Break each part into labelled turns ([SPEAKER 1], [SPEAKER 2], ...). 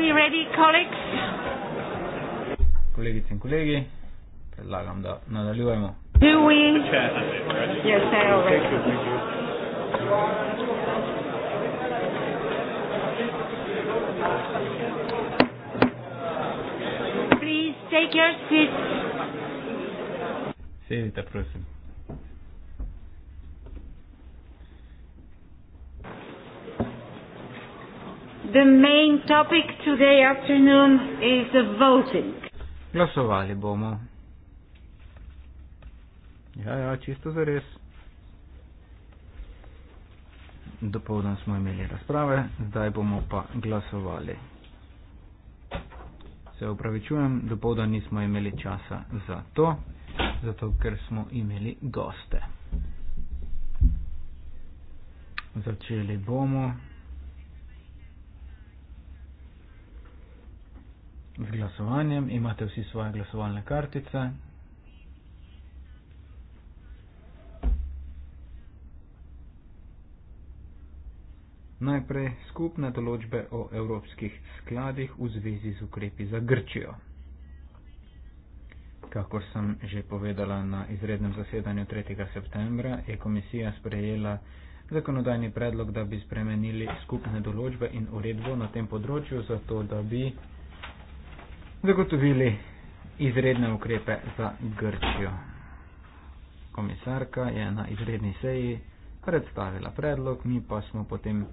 [SPEAKER 1] we ready, colleagues?
[SPEAKER 2] Kolegice in kolegi, predlagam, da nadaljujemo. Do we? Yes, I already.
[SPEAKER 1] Please take your seats. Sedite, prosim. The main topic today afternoon is the voting.
[SPEAKER 2] Glasovali bomo. Ja, ja, čisto za res. Dopoldan smo imeli razprave, zdaj bomo pa glasovali. Se upravičujem, dopoldan nismo imeli časa za to, zato ker smo imeli goste. Začeli bomo. z glasovanjem, imate vsi svoje glasovalne kartice. Najprej skupne določbe o evropskih skladih v zvezi z ukrepi za Grčijo. Kako sem že povedala na izrednem zasedanju 3. septembra, je komisija sprejela zakonodajni predlog, da bi spremenili skupne določbe in uredbo na tem področju, zato da bi zagotovili izredne ukrepe za Grčijo. Komisarka je na izredni seji predstavila predlog, mi pa smo potem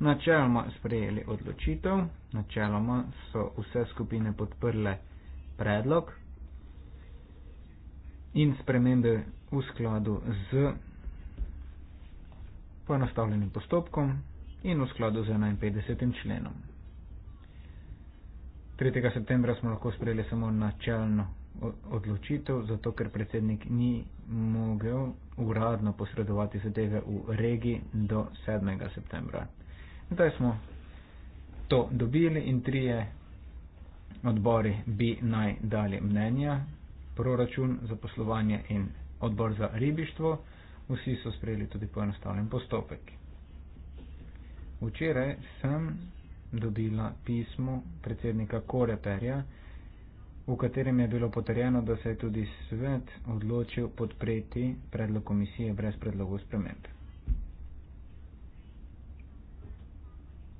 [SPEAKER 2] načeloma sprejeli odločitev, načeloma so vse skupine podprle predlog in spremembe v skladu z poenostavljenim postopkom in v skladu z 51. členom. 3. septembra smo lahko sprejeli samo načelno odločitev, zato ker predsednik ni mogel uradno posredovati zadeve v regiji do 7. septembra. Zdaj smo to dobili in trije odbori bi naj dali mnenja, proračun za poslovanje in odbor za ribištvo, vsi so sprejeli tudi poenostavljen postopek. Včeraj sem dobila pismo predsednika Koreperja, v katerem je bilo potrjeno, da se je tudi svet odločil podpreti predlog komisije brez predlogov sprememb.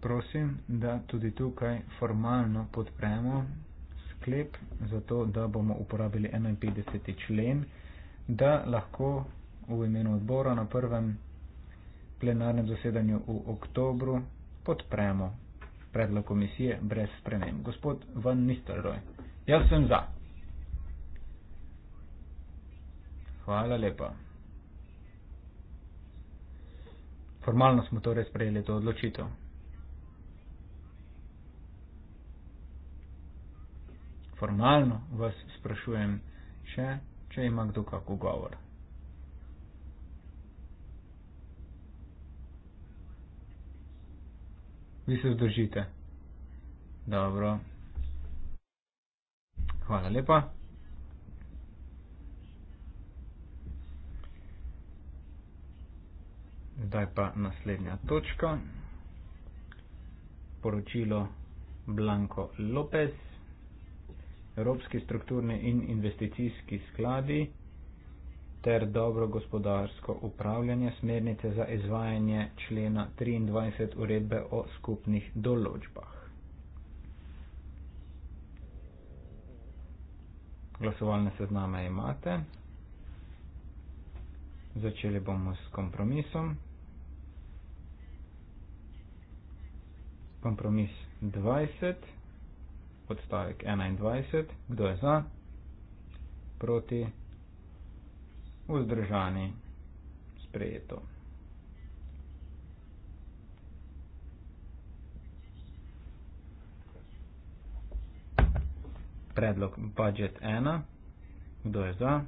[SPEAKER 2] Prosim, da tudi tukaj formalno podpremo sklep za to, da bomo uporabili 51. člen, da lahko v imenu odbora na prvem plenarnem zasedanju v oktobru podpremo predlog komisije brez sprenem. Gospod Van Nistelrooy, jaz sem za. Hvala lepa. Formalno smo torej sprejeli to odločitev. Formalno vas sprašujem še, če ima kdo kak ugovor. vi se vzdržite. Dobro. Hvala lepa. Zdaj pa naslednja točka. Poročilo Blanko Lopez. Evropski strukturni in investicijski skladi ter dobro gospodarsko upravljanje smernice za izvajanje člena 23 uredbe o skupnih določbah. Glasovalne sezname imate. Začeli bomo s kompromisom. Kompromis 20, odstavek 21. Kdo je za? Proti vzdržani, sprejeto. Predlog budžet 1. Kdo je za?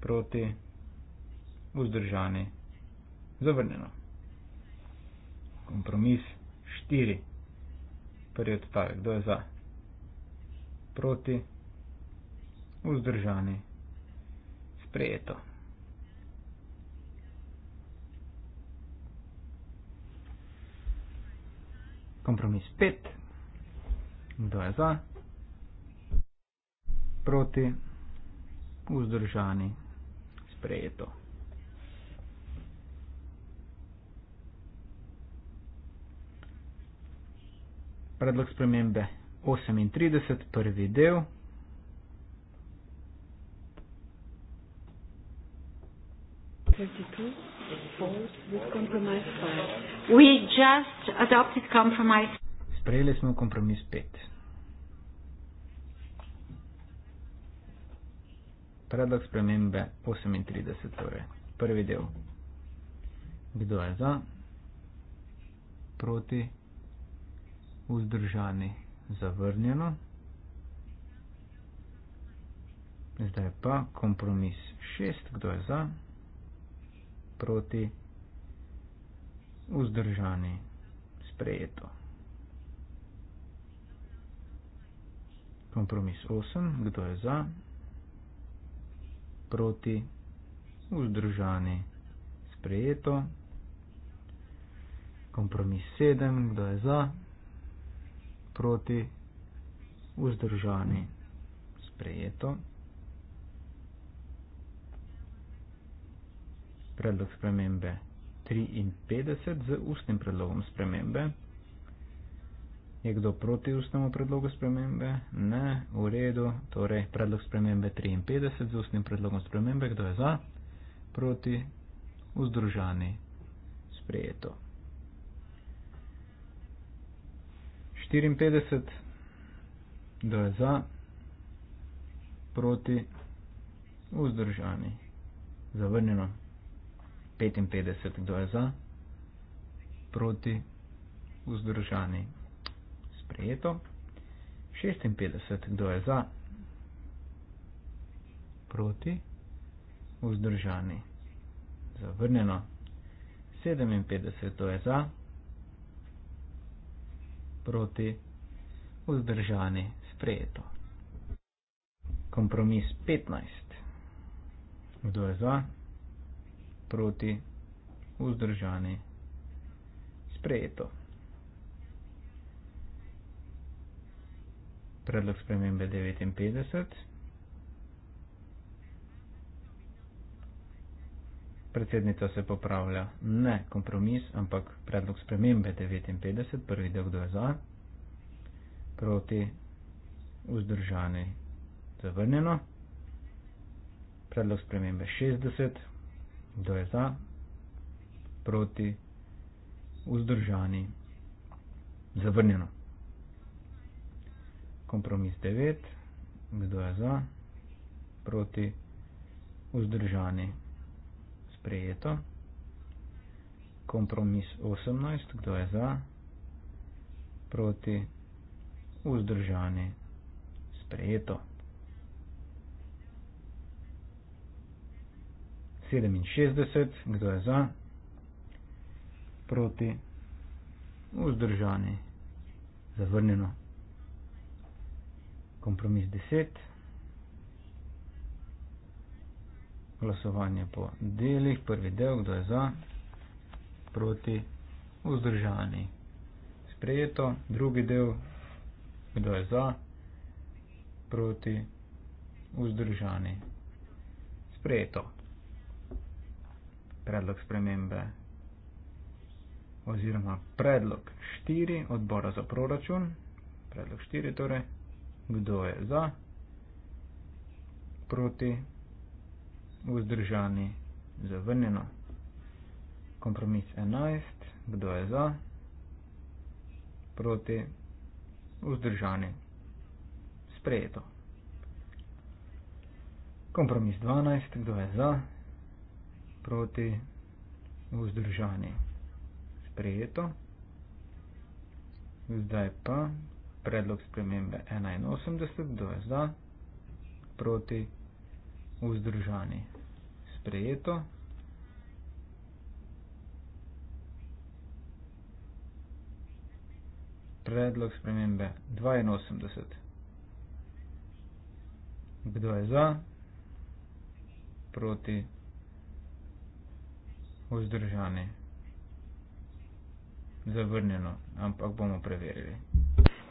[SPEAKER 2] Proti. Vzdržani. Zavrnjeno. Kompromis 4. Prvi odstavek. Kdo je za? Proti. Vzdržani. Zavrnjeno sprejeto. Kompromis 5. Kdo je za? Proti. Vzdržani. Sprejeto. Predlog spremembe 38. Prvi del. Sprejeli smo kompromis 5. Predlog spremembe 38, torej prvi del. Kdo je za, proti, vzdržani, zavrnjeno. Zdaj pa kompromis 6, kdo je za proti, vzdržani, sprejeto. Kompromis 8. Kdo je za? Proti, vzdržani, sprejeto. Kompromis 7. Kdo je za? Proti, vzdržani, sprejeto. predlog spremembe 53 z ustnim predlogom spremembe. Je kdo proti ustnemu predlogu spremembe? Ne, v redu. Torej, predlog spremembe 53 z ustnim predlogom spremembe. Kdo je za? Proti. Vzdržani. Sprejeto. 54. Kdo je za? Proti. Vzdržani. Zavrnjeno. 55 kdo je za, proti, vzdržani, sprejeto, 56 kdo je za, proti, vzdržani, zavrnjeno, 57 kdo je za, proti, vzdržani, sprejeto. Kompromis 15. Kdo je za? proti, vzdržani, sprejeto. Predlog spremembe 59. Predsednica se popravlja ne kompromis, ampak predlog spremembe 59, prvi del, kdo je za, proti, vzdržani, zavrnjeno. Predlog spremembe 60, kdo je za, proti, vzdržani, zavrnjeno. Kompromis 9, kdo je za, proti, vzdržani, sprejeto. Kompromis 18, kdo je za, proti, vzdržani, sprejeto. 67, kdo je za, proti, vzdržani, zavrnjeno. Kompromis 10, glasovanje po delih, prvi del, kdo je za, proti, vzdržani, sprejeto, drugi del, kdo je za, proti, vzdržani, sprejeto predlog spremembe oziroma predlog štiri odbora za proračun, predlog štiri torej, kdo je za, proti, vzdržani, zavrnjeno. Kompromis 11, kdo je za, proti, vzdržani, sprejeto. Kompromis 12, kdo je za, proti vzdržani. Sprejeto. Zdaj pa predlog spremembe 81, do je zda, proti vzdržani. Sprejeto. Predlog spremembe 82. Kdo je za? Proti vzdržani vzdržane. Zavrnjeno, ampak bomo preverili.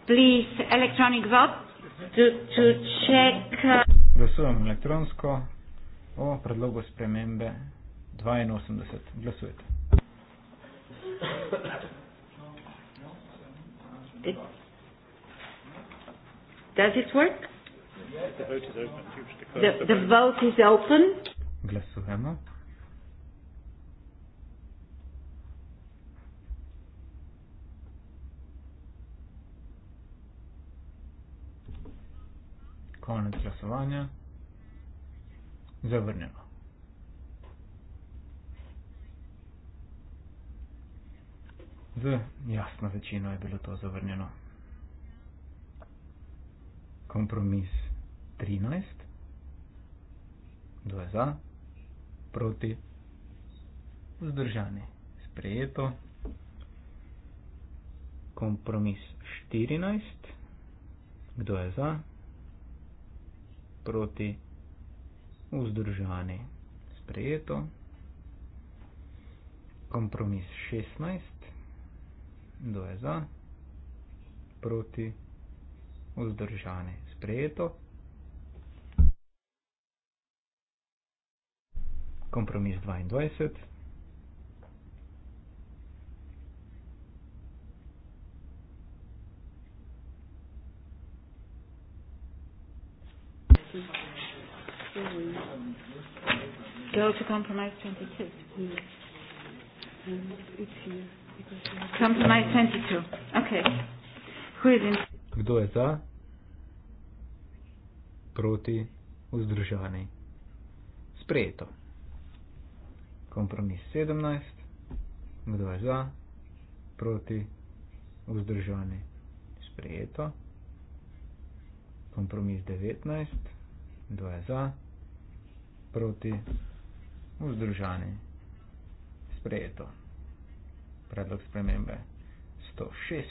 [SPEAKER 1] Please, electronic vote to, to check.
[SPEAKER 2] Glasujem elektronsko o predlogu spremembe 82. Glasujete.
[SPEAKER 3] It,
[SPEAKER 1] does it work? Yes, the vote is open. The, the vote is open.
[SPEAKER 3] Glasujemo.
[SPEAKER 2] konec glasovanja. Zavrnjeno. Z jasno večino je bilo to zavrnjeno. Kompromis 13. Dve za, proti, vzdržani, sprejeto. Kompromis 14. Kdo je za? proti, vzdržani, sprejeto. Kompromis 16, kdo je za, proti, vzdržani, sprejeto. Kompromis 22,
[SPEAKER 1] go to compromise 22. Compromise 22. Okay. Who is in?
[SPEAKER 2] Kdo je za? Proti vzdržani. Sprejeto. Kompromis 17. Kdo je za? Proti vzdržani. Sprejeto. Kompromis 19. Kdo je za? Proti vzdržani, sprejeto. Predlog spremembe 106.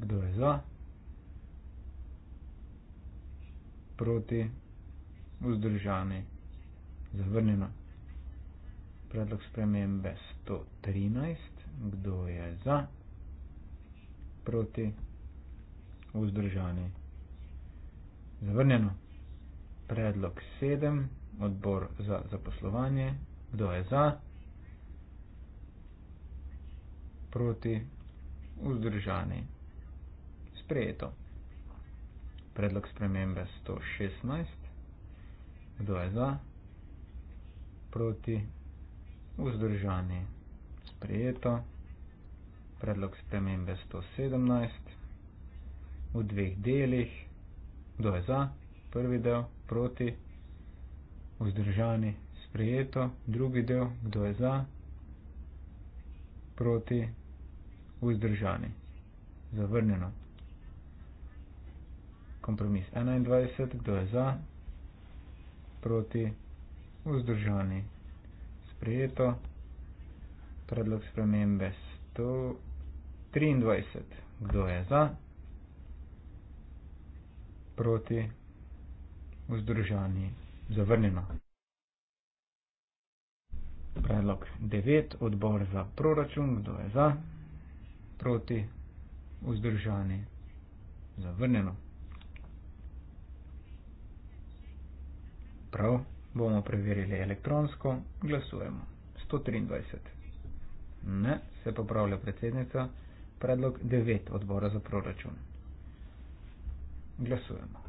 [SPEAKER 2] Kdo je za? Proti, vzdržani, zavrnjeno. Predlog spremembe 113. Kdo je za? Proti, vzdržani, zavrnjeno. Predlog 7 odbor za zaposlovanje. Kdo je za? Proti? Vzdržani? Sprejeto. Predlog spremembe 116. Kdo je za? Proti? Vzdržani? Sprejeto. Predlog spremembe 117. V dveh delih. Kdo je za? Prvi del. Proti? vzdržani, sprejeto, drugi del, kdo je za, proti, vzdržani, zavrnjeno. Kompromis 21, kdo je za, proti, vzdržani, sprejeto, predlog spremembe 123, kdo je za, proti, vzdržani, sprejeto zavrnjena. Predlog 9. Odbor za proračun. Kdo je za? Proti. Vzdržani. Zavrnjeno. Prav. Bomo preverili elektronsko. Glasujemo. 123. Ne. Se popravlja predsednica. Predlog 9. Odbora za proračun.
[SPEAKER 1] Glasujemo.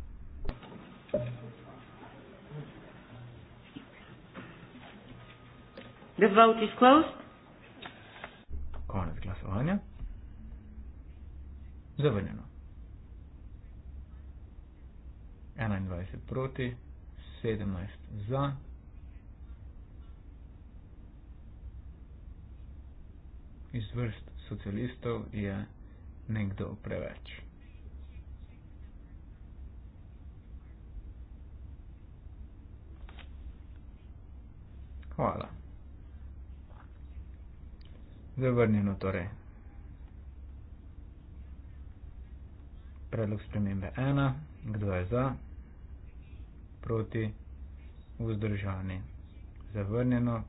[SPEAKER 1] Thank you. The vote is closed.
[SPEAKER 2] Konec glasovanja. Zavrnjeno. 21 proti, 17 za. Iz vrst socialistov je nekdo preveč. Hvala zavrnjeno torej. Predlog spremembe 1. Kdo je za? Proti? Vzdržani? Zavrnjeno.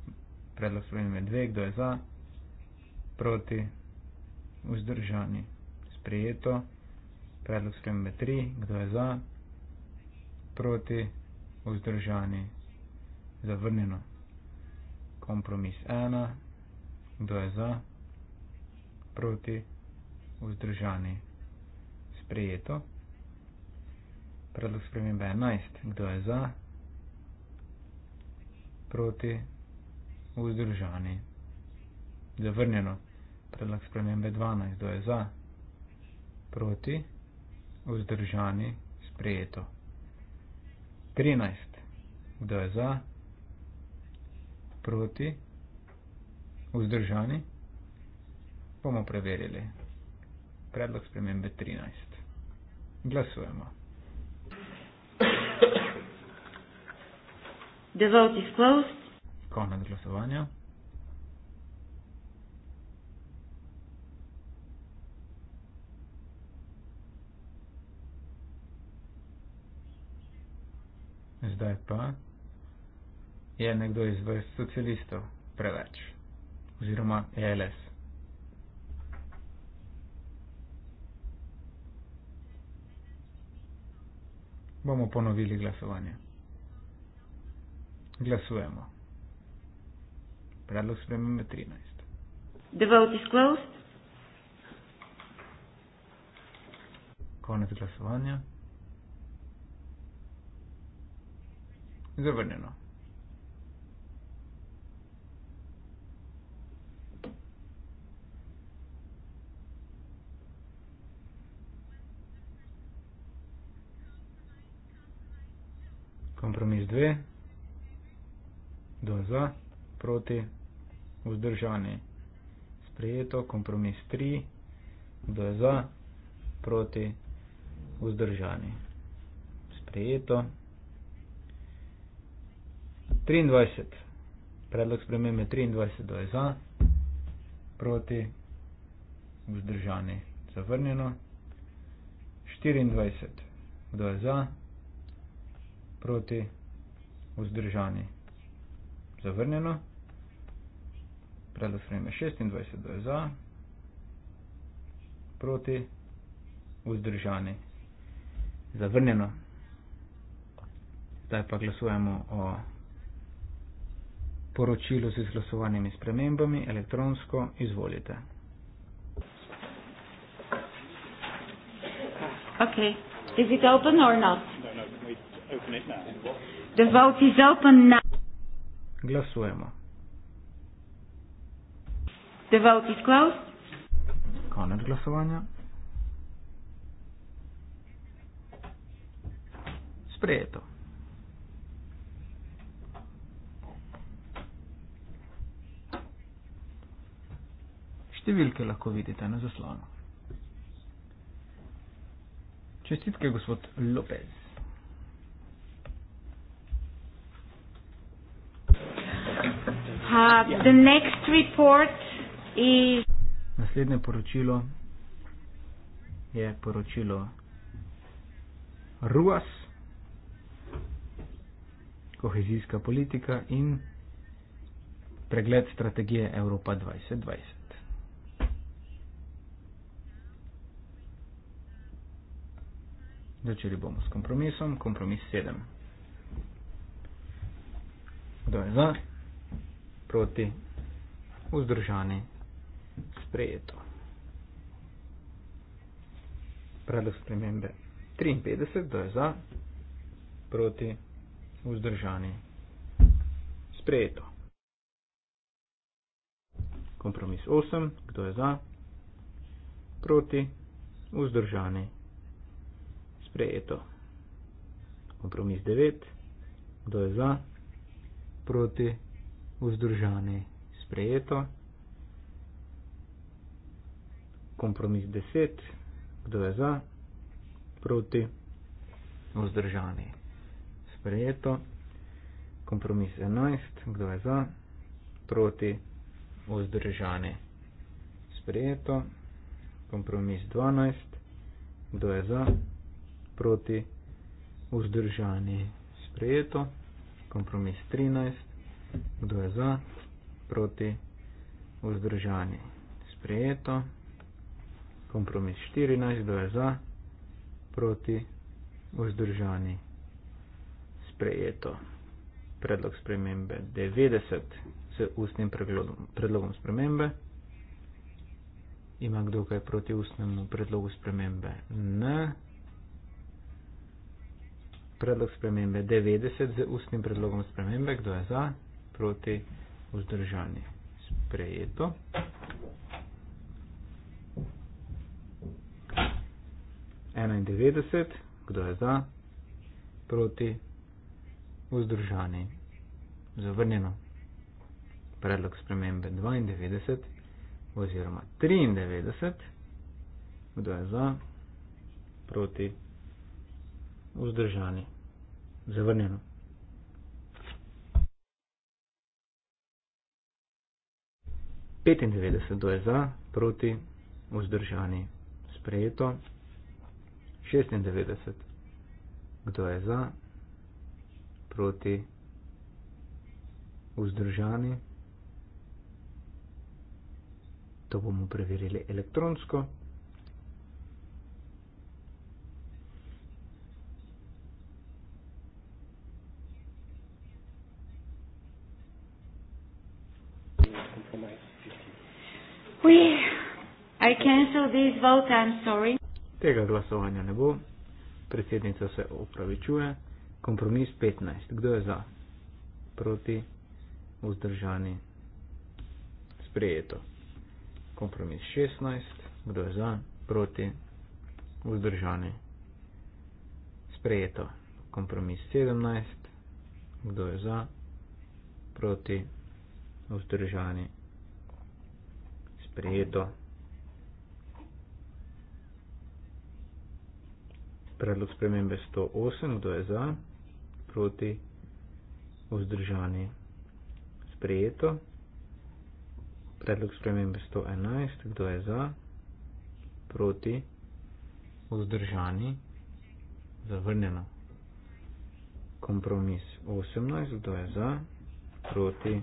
[SPEAKER 2] Predlog spremembe 2. Kdo je za? Proti? Vzdržani? Sprejeto. Predlog spremembe 3. Kdo je za? Proti? Vzdržani? Zavrnjeno. Kompromis 1 kdo je za, proti, vzdržani, sprejeto. Predlog spremembe 11. Kdo je za, proti, vzdržani, zavrnjeno. Predlog spremembe 12. Kdo je za, proti, vzdržani, sprejeto. 13. Kdo je za, proti, vzdržani vzdržani, bomo preverili predlog spremembe 13. Glasujemo.
[SPEAKER 1] The vote is closed.
[SPEAKER 2] Konec glasovanja. Zdaj pa je nekdo iz vrst socialistov preveč oziroma ALS. Bomo ponovili glasovanje. Glasujemo. Predlog spremembe 13.
[SPEAKER 1] The vote is closed.
[SPEAKER 2] Konec glasovanja. Zavrnjeno. kompromis 2, do za, proti, vzdržani. Sprejeto, kompromis 3, do za, proti, vzdržani. Sprejeto. 23. Predlog spremembe 23 do za, proti, vzdržani. Zavrnjeno. 24. Kdo je za? proti vzdržani. Zavrnjeno. Predlog sprejme 26 za proti vzdržani. Zavrnjeno. Zdaj pa glasujemo o poročilu z izglasovanimi spremembami elektronsko. Izvolite.
[SPEAKER 1] Okay. Is it open or not? The vote is open now.
[SPEAKER 2] Glasujemo.
[SPEAKER 1] The vote is closed.
[SPEAKER 2] Konec glasovanja. Sprejeto. Številke lahko vidite na zaslonu. Čestitke, gospod Lopez.
[SPEAKER 1] the next report is
[SPEAKER 2] naslednje poročilo je poročilo RUAS kohezijska politika in pregled strategije Evropa 2020 Začeli bomo s kompromisom, kompromis 7. Kdo je za? proti, vzdržani, sprejeto. Predlog spremembe 53, to je za, proti, vzdržani, sprejeto. Kompromis 8, kdo je za, proti, vzdržani, sprejeto. Kompromis 9, kdo je za, proti, vzdržani vzdržane, sprejeto. Kompromis 10, kdo je za, proti, vzdržane, sprejeto. Kompromis 11, kdo je za, proti, vzdržane, sprejeto. Kompromis 12, kdo je za, proti, vzdržane, sprejeto. Kompromis 13, Kdo je za? Proti? Vzdržani? Sprejeto. Kompromis 14. Kdo je za? Proti? Vzdržani? Sprejeto. Predlog spremembe 90 s ustnim predlogom spremembe. Ima kdo kaj proti ustnemu predlogu spremembe? Ne. Predlog spremembe 90 z ustnim predlogom spremembe. Kdo je za? Ne proti vzdržanju. Sprejeto. Enaindevetdeset, kdo je za, proti vzdržanju. Zavrnjeno. Predlog spremembe dvaindevetdeset oziroma triindevetdeset, kdo je za, proti vzdržanju. Zavrnjeno. 95 do je za, proti, vzdržani, sprejeto. 96, kdo je za, proti, vzdržani. To bomo preverili elektronsko.
[SPEAKER 1] We, I cancel this vote, I'm sorry.
[SPEAKER 2] Tega glasovanja ne bo. Predsednica se opravičuje. Kompromis 15. Kdo je za? Proti? Vzdržani? Sprejeto. Kompromis 16. Kdo je za? Proti? Vzdržani? Sprejeto. Kompromis 17. Kdo je za? Proti? Vzdržani? Sprejeto sprejeto. Predlog spremembe 108, kdo je za, proti, vzdržani, sprejeto. Predlog spremembe 111, kdo je za, proti, vzdržani, zavrnjeno. Kompromis 18, kdo je za, proti,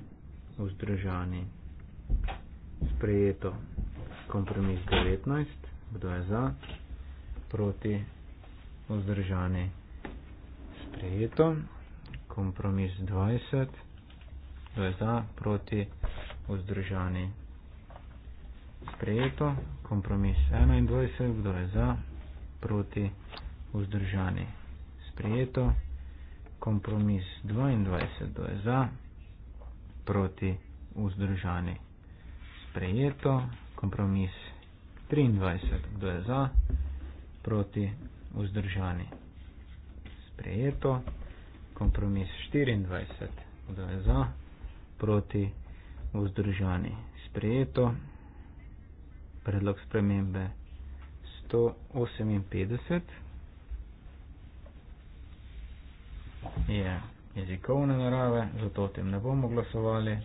[SPEAKER 2] vzdržani, sprejeto kompromis 19, kdo je za, proti, vzdržani, sprejeto, kompromis 20, kdo je za, proti, vzdržani, sprejeto, kompromis 21, kdo je za, proti, vzdržani, sprejeto, kompromis 22, kdo je za, proti, vzdržani, sprejeto sprejeto. Kompromis 23, kdo je za, proti, vzdržani. Sprejeto. Kompromis 24, kdo je za, proti, vzdržani. Sprejeto. Predlog spremembe 158 je jezikovne narave, zato o tem ne bomo glasovali.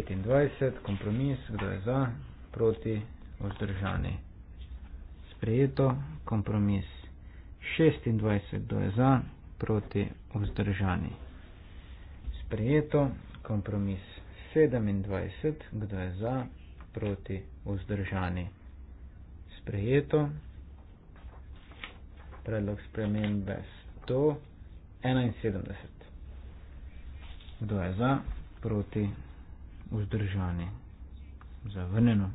[SPEAKER 2] 25, kompromis, kdo je za, proti, vzdržani. Sprejeto, kompromis 26, kdo je za, proti, vzdržani. Sprejeto, kompromis 27, kdo je za, proti, vzdržani. Sprejeto, predlog spremembe 171, kdo je za, proti, vzdržani vzdržani, zavrnjeno.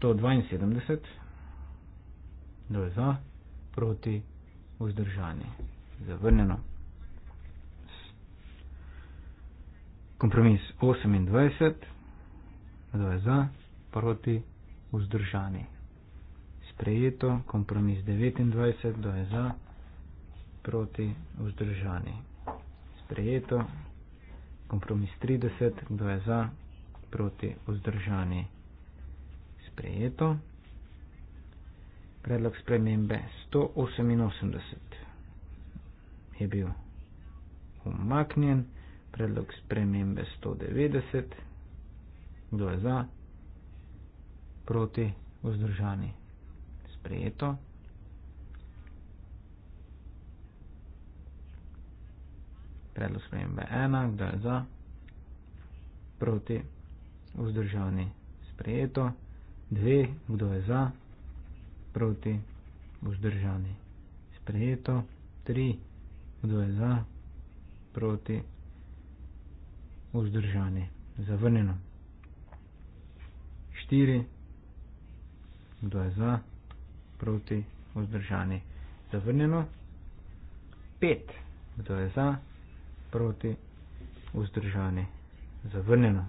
[SPEAKER 2] 172, kdo je za, proti, vzdržani, zavrnjeno. Kompromis 28, kdo je za, proti, vzdržani. Sprejeto, kompromis 29, kdo je za, proti, vzdržani sprejeto. Kompromis 30, kdo je za, proti, vzdržani, sprejeto. Predlog spremembe 188 je bil umaknjen, predlog spremembe 190, kdo je za, proti, vzdržani, sprejeto. predlog spremembe 1, kdo je za, proti, vzdržani, sprejeto, 2, kdo je za, proti, vzdržani, sprejeto, 3, kdo je za, proti, vzdržani, zavrnjeno, 4, kdo je za, proti, vzdržani, zavrnjeno, 5, kdo je za, proti, vzdržani, zavrnjeno, 5, kdo je za, proti, vzdržani, zavrnjena,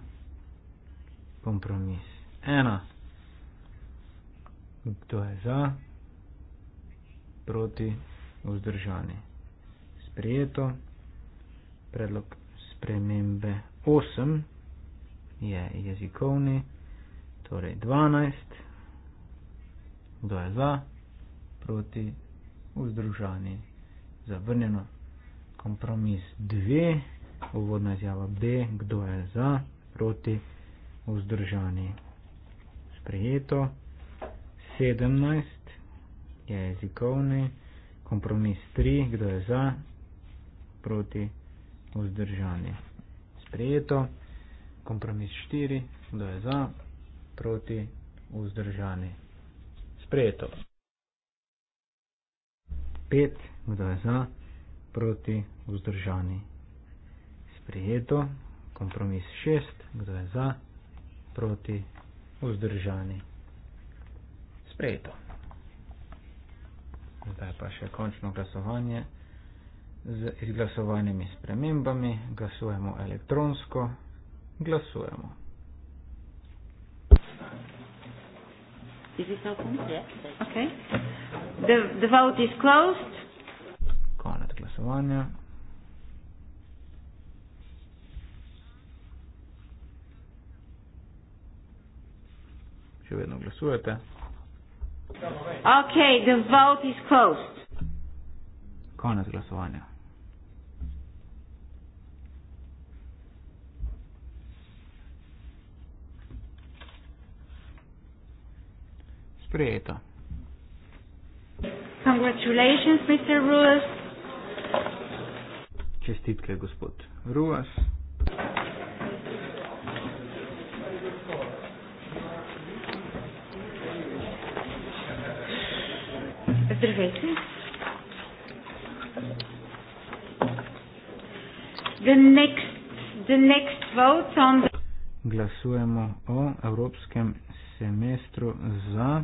[SPEAKER 2] kompromis. Ena, kdo je za, proti, vzdržani, sprijeto, predlog spremembe 8 je jezikovni, torej 12, kdo je za, proti, vzdržani, zavrnjena kompromis 2, uvodna izjava B, kdo je za, proti, vzdržani, sprejeto. 17 je jezikovni, kompromis 3, kdo je za, proti, vzdržani, sprejeto. Kompromis 4, kdo je za, proti, vzdržani, sprejeto. 5, kdo je za, proti, vzdržani, sprejeto proti vzdržani. Sprijeto, kompromis 6, kdo je za, proti vzdržani. Sprijeto. Zdaj pa še končno glasovanje z izglasovanimi spremembami. Glasujemo elektronsko. Glasujemo.
[SPEAKER 1] Is this open? Yes. Okay. The, the vote is closed
[SPEAKER 2] glasovanja.
[SPEAKER 3] Še vedno glasujete.
[SPEAKER 1] Okay, the vote is closed.
[SPEAKER 2] Konec glasovanja.
[SPEAKER 3] Sprejeto.
[SPEAKER 1] Congratulations, Mr. Ruth.
[SPEAKER 2] Čestitke, gospod Ruas.
[SPEAKER 1] Zdravejte. The next, the next vote on the...
[SPEAKER 2] Glasujemo o evropskem semestru za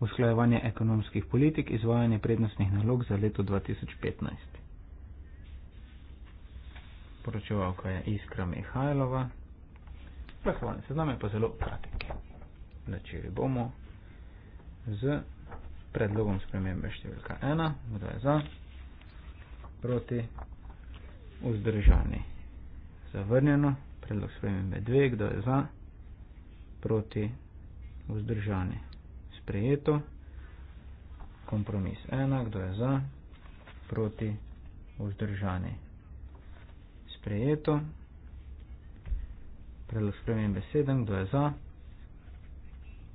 [SPEAKER 2] usklajevanje ekonomskih politik, izvajanje prednostnih nalog za leto 2015. Poročevalka je Iskra Mihajlova. Zahvaljujem se, znam je pa zelo kratek. Začeli bomo z predlogom spremembe številka 1, kdo je za, proti, vzdržani, zavrnjeno, predlog spremembe 2, kdo je za, proti, vzdržani, sprejeto. Kompromis 1, kdo je za, proti, vzdržani. Sprejeto. Predlog spremembe 7, kdo je za,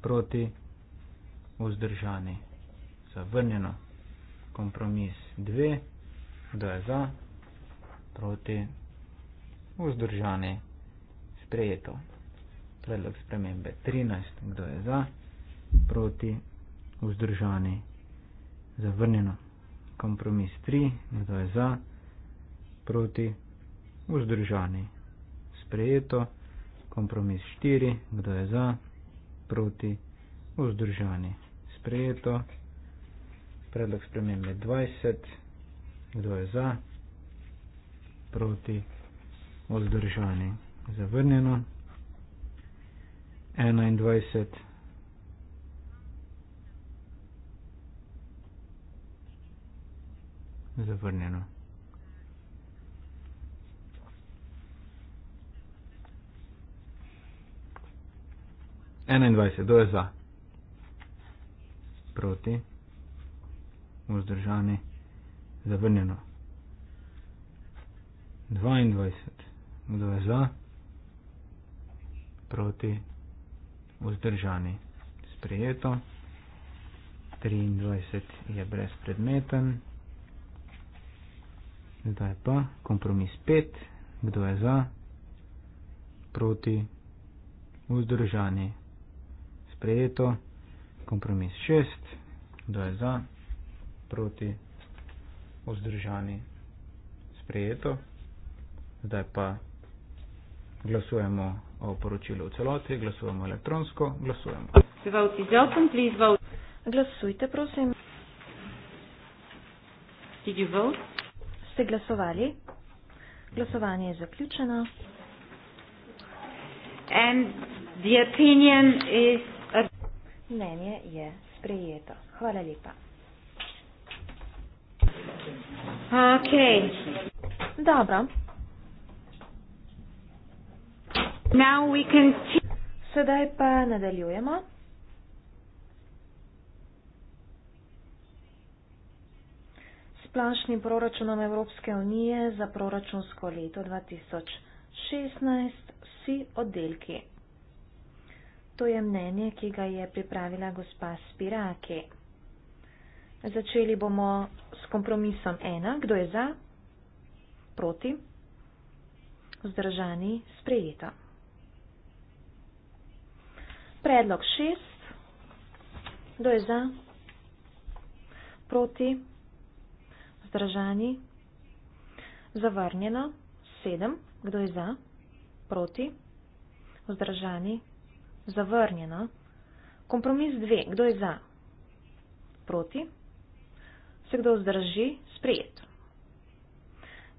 [SPEAKER 2] proti, vzdržani. Zavrnjeno. Kompromis 2, kdo je za, proti, vzdržani. Sprejeto. Predlog spremembe 13, kdo je za, proti, vzdržani proti, vzdržani, zavrnjeno. Kompromis 3, nazaj za, proti, vzdržani, sprejeto. Kompromis 4, kdo je za, proti, vzdržani, sprejeto. Predlog spremembe 20, kdo je za, proti, vzdržani, zavrnjeno. 21. zavrnjeno. Enaindvajset, kdo je za? Proti, vzdržani, zavrnjeno. Dvaindvajset, kdo je za? Proti, vzdržani, sprejeto. Triindvajset je brezpredmeten. Zdaj pa kompromis 5. Kdo je za? Proti. Vzdržani. Sprejeto. Kompromis 6. Kdo je za? Proti. Vzdržani. Sprejeto. Zdaj pa glasujemo o poročilu v celoti, glasujemo elektronsko, glasujemo.
[SPEAKER 4] Glasujte, prosim.
[SPEAKER 1] Did you vote? ste glasovali? Glasovanje je zaključeno. And the opinion is Mnenje je sprejeto. Hvala lepa.
[SPEAKER 3] Okay. Dobro.
[SPEAKER 4] Now we can Sedaj pa nadaljujemo. splošnim proračunom Evropske unije za proračunsko leto 2016 vsi oddelki. To je mnenje, ki ga je pripravila gospa Spirake. Začeli bomo s kompromisom 1. Kdo je za? Proti? Vzdržani? Sprejeto. Predlog 6. Kdo je za? Proti? vzdržani? Zavrnjeno. Sedem. Kdo je za? Proti. Vzdržani. Zavrnjeno. Kompromis dve. Kdo je za? Proti. Se kdo vzdrži? Sprijet.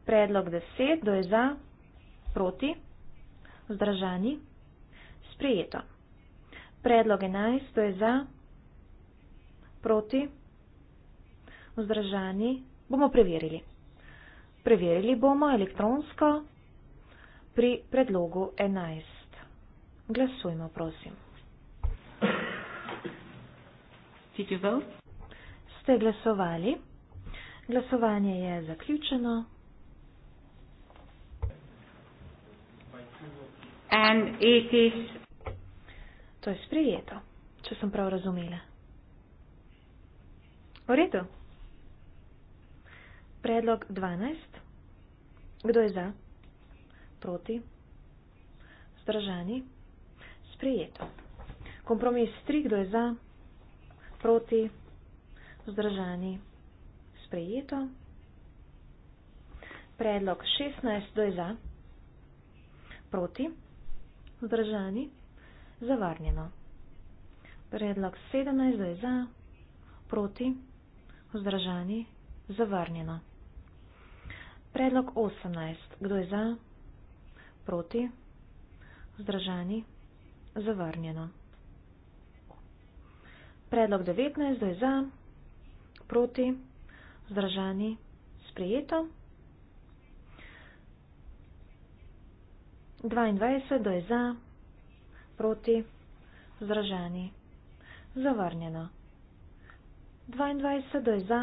[SPEAKER 4] Predlog deset. Kdo je za? Proti. Vzdržani. Sprijeto. Predlog enajst. Kdo je za? Proti. Vzdržani. Sprijeto bomo preverili. Preverili bomo elektronsko pri predlogu 11. Glasujmo, prosim. Did you vote? Ste glasovali? Glasovanje je zaključeno.
[SPEAKER 3] And it is...
[SPEAKER 4] To je sprijeto, če sem prav razumela. V redu. Predlog 12. Kdo je za? Proti? Zdržani? Sprijeto. Kompromis 3. Kdo je za? Proti? Zdržani? Sprijeto. Predlog 16. Kdo je za? Proti? Zdržani? Zavarnjeno. Predlog 17. Kdo je za? Proti? Zdržani? Zavarnjeno. Predlog 18. Kdo je za? Proti? Zdržani? Zavrnjeno. Predlog 19. Kdo je za? Proti? Zdržani? Sprijeto? 22. Kdo je za? Proti? Zdržani? Zavrnjeno. 22. Kdo je za?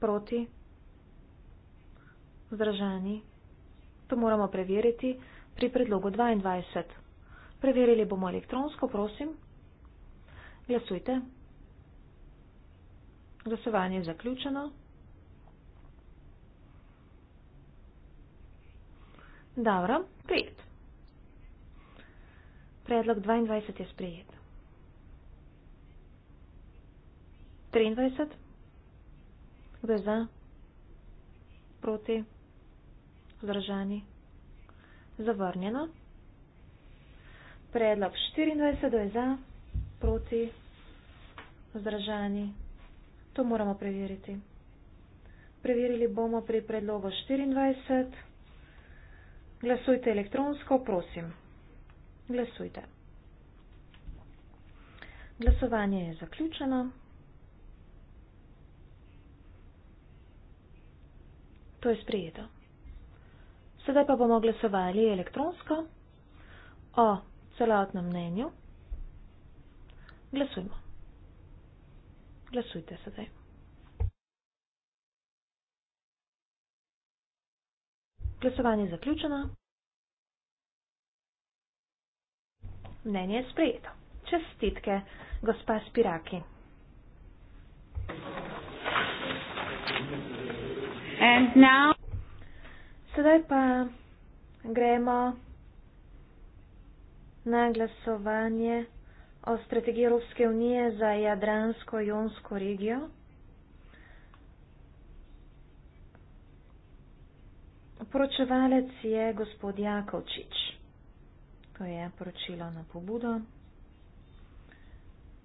[SPEAKER 4] Proti? Zdržani? zraženi? To moramo preveriti pri predlogu 22. Preverili bomo elektronsko, prosim. Glasujte. Glasovanje je zaključeno. Dobro, prijet. Predlog 22 je sprijet. 23. Kdo je za? Proti. Zdržani. Zavrnjeno. Predlog 24 je za, proti, zdržani. To moramo preveriti. Preverili bomo pri predlogu 24. Glasujte elektronsko, prosim. Glasujte. Glasovanje je zaključeno. To je sprejeto. Sedaj pa bomo glasovali elektronsko o celotnem mnenju. Glasujmo. Glasujte sedaj. Glasovanje je zaključeno. Mnenje je sprejeto. Čestitke, gospa Spiraki. And now Sedaj pa gremo na glasovanje o strategiji Evropske unije za Jadransko-Jonsko regijo. Poročevalec je gospod Jakovčič. To je poročilo na pobudo.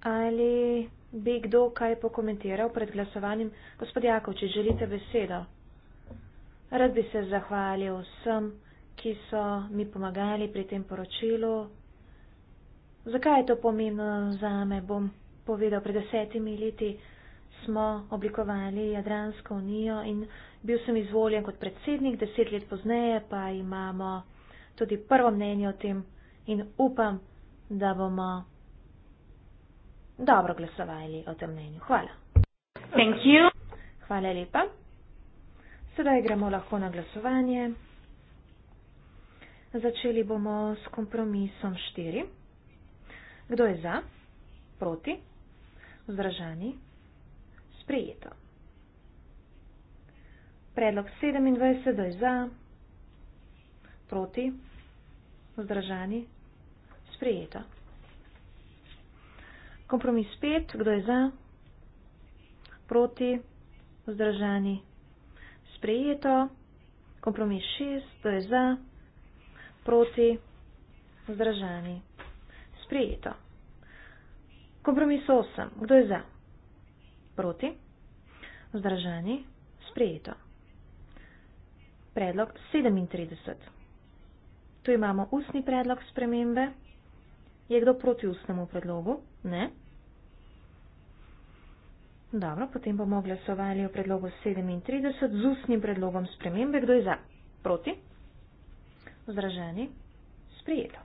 [SPEAKER 4] Ali bi kdo kaj pokomentiral pred glasovanjem? Gospod Jakovčič, želite besedo? Rad bi se zahvalil vsem, ki so mi pomagali pri tem poročilu. Zakaj je to pomembno za me, bom povedal. Pred desetimi leti smo oblikovali Jadransko unijo in bil sem izvoljen kot predsednik, deset let pozneje pa imamo tudi prvo mnenje o tem in upam, da bomo dobro glasovali o tem mnenju. Hvala. Hvala lepa. Sedaj gremo lahko na glasovanje. Začeli bomo s kompromisom 4. Kdo je za? Proti? Vzdržani? Sprijeto. Predlog 27. Kdo je za? Proti? Vzdržani? Sprijeto. Kompromis 5. Kdo je za? Proti? Vzdržani? Sprijeto sprejeto. Kompromis 6, to je za, proti, vzdržani. Sprejeto. Kompromis 8, kdo je za? Proti, vzdržani, sprejeto. Predlog 37. Tu imamo ustni predlog spremembe. Je kdo proti ustnemu predlogu? Ne. Dobro, potem bomo glasovali o predlogu 37 z ustnim predlogom spremembe. Kdo je za? Proti? Vzdraženi? Sprijeto.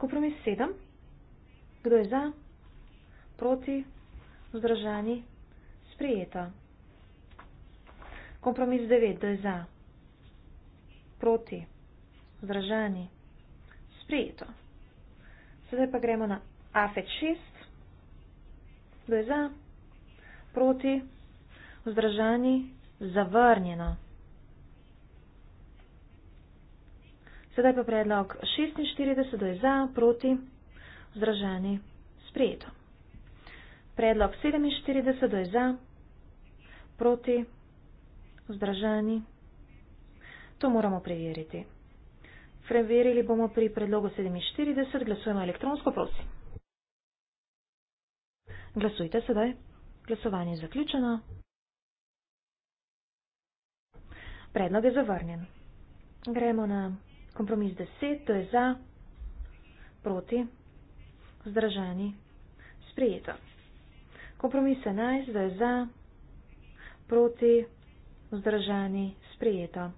[SPEAKER 4] Kompromis 7. Kdo je za? Proti? Vzdraženi? Sprijeto. Kompromis 9. Kdo je za? Proti? Vzdraženi? Sprijeto. Sedaj pa gremo na AFET 6. Защото е за, против, въздържани, завърнено. Сега по предлог 46 да е за, против, въздържани, сприето. Предлог 47 да е за, против, въздържани. То морамо проверити. Проверили бомо при предлогу 47, гласуваме електронско, просим. Glasujte sedaj. Glasovanje je zaključeno. Predlog je zavrnjen. Gremo na kompromis 10, to je za, proti, zdržani, sprijeto. Kompromis 11, to je za, proti, zdržani, sprijeto.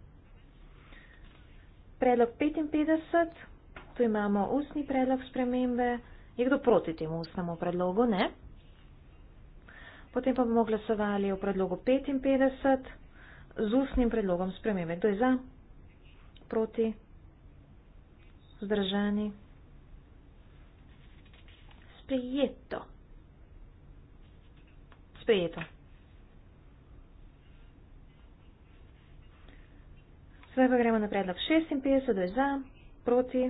[SPEAKER 4] Predlog 55, tu imamo ustni predlog spremembe. Je kdo proti temu ustnemu predlogu? Ne. Potem pa bomo glasovali o predlogu 55 z ustnim predlogom spremembe. Kdo je za? Proti? Zdržani? Sprejeto. Sprejeto. Zdaj pa gremo na predlog 56, kdo je za, proti,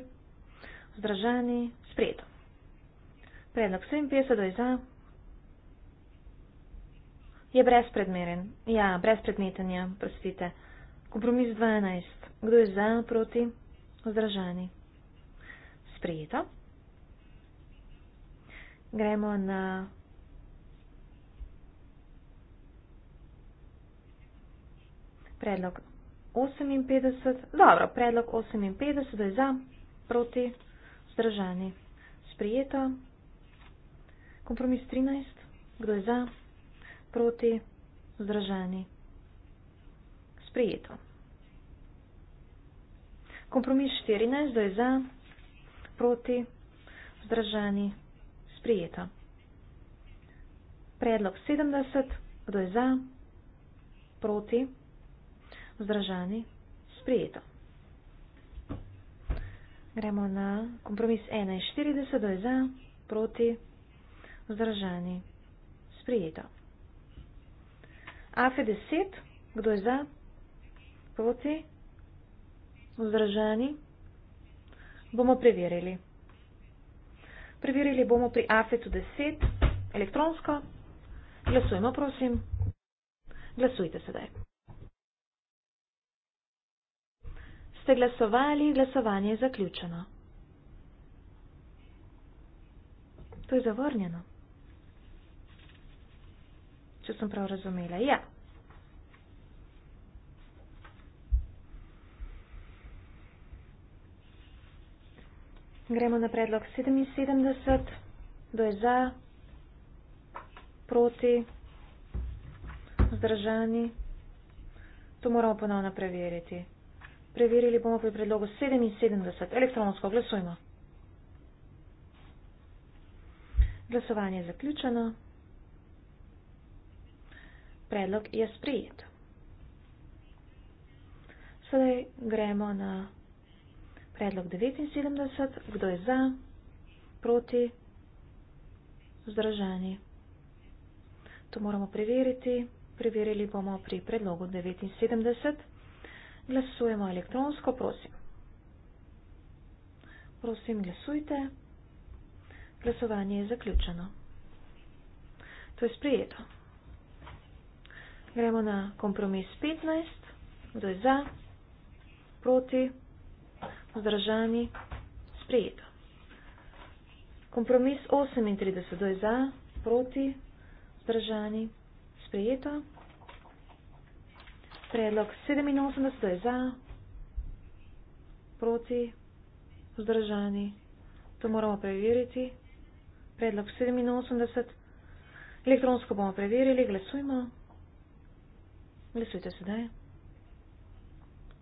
[SPEAKER 4] vzdržani, sprejeto. Predlog 57, kdo je za, Je brezpredmeren. Ja, brezpredmeten je, prostite. Kompromis 12. Kdo je za, proti? Vzdražani. Sprejeto. Gremo na... Predlog 58. Dobro, predlog 58. Kdo je za, proti? Vzdražani. Sprejeto. Kompromis 13. Kdo je za, proti? proti, zdraženi, sprijeto. Kompromis 14, da je za, proti, zdraženi, sprijeto. Predlog 70, da je za, proti, zdraženi, sprijeto. Gremo na kompromis 41, da je za, proti, zdraženi, sprijeto. AF10, kdo je za, proti, vzdržani, bomo preverili. Preverili bomo pri AF10 elektronsko. Glasujmo, prosim. Glasujte sedaj. Ste glasovali, glasovanje je zaključeno. To je zavrnjeno če sem prav razumela. Ja. Gremo na predlog 77. Kdo je za, proti, zdržani? To moramo ponovno preveriti. Preverili bomo pri predlogu 77. Elektronsko glasujmo. Glasovanje je zaključeno predlog je sprejet. Sedaj gremo na predlog 79. Kdo je za, proti, vzdržani? To moramo preveriti. Preverili bomo pri predlogu 79. Glasujemo elektronsko, prosim. Prosim, glasujte. Glasovanje je zaključeno. To je sprejeto. Gremo na kompromis 15. Kdo je za? Proti? Zdržani? Sprijeto. Kompromis 38. Kdo je za? Proti? Zdržani? Sprijeto. Predlog 87. Kdo je za? Proti? Zdržani? To moramo preveriti. Predlog 87. Elektronsko bomo preverili. Glasujmo. Predlog 87. Glasujte sedaj.